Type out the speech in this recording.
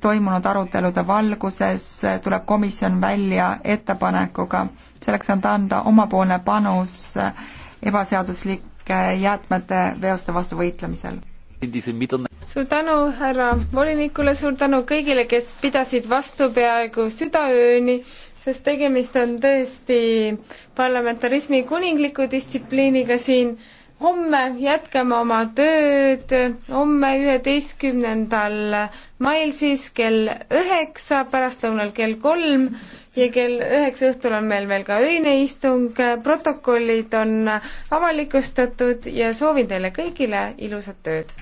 toimunud arutelude valguses tuleb komisjon välja ettepanekuga, selleks on ta anda omapoolne panus ebaseaduslike jäätmete veoste vastu võitlemisel. suur tänu härra volinikule, suur tänu kõigile, kes pidasid vastu peaaegu südaööni, sest tegemist on tõesti parlamentarismi kuningliku distsipliiniga siin homme jätkame oma tööd, homme üheteistkümnendal mail siis kell üheksa, pärastlõunal kell kolm ja kell üheksa õhtul on meil veel ka öine istung, protokollid on avalikustatud ja soovin teile kõigile ilusat ööd!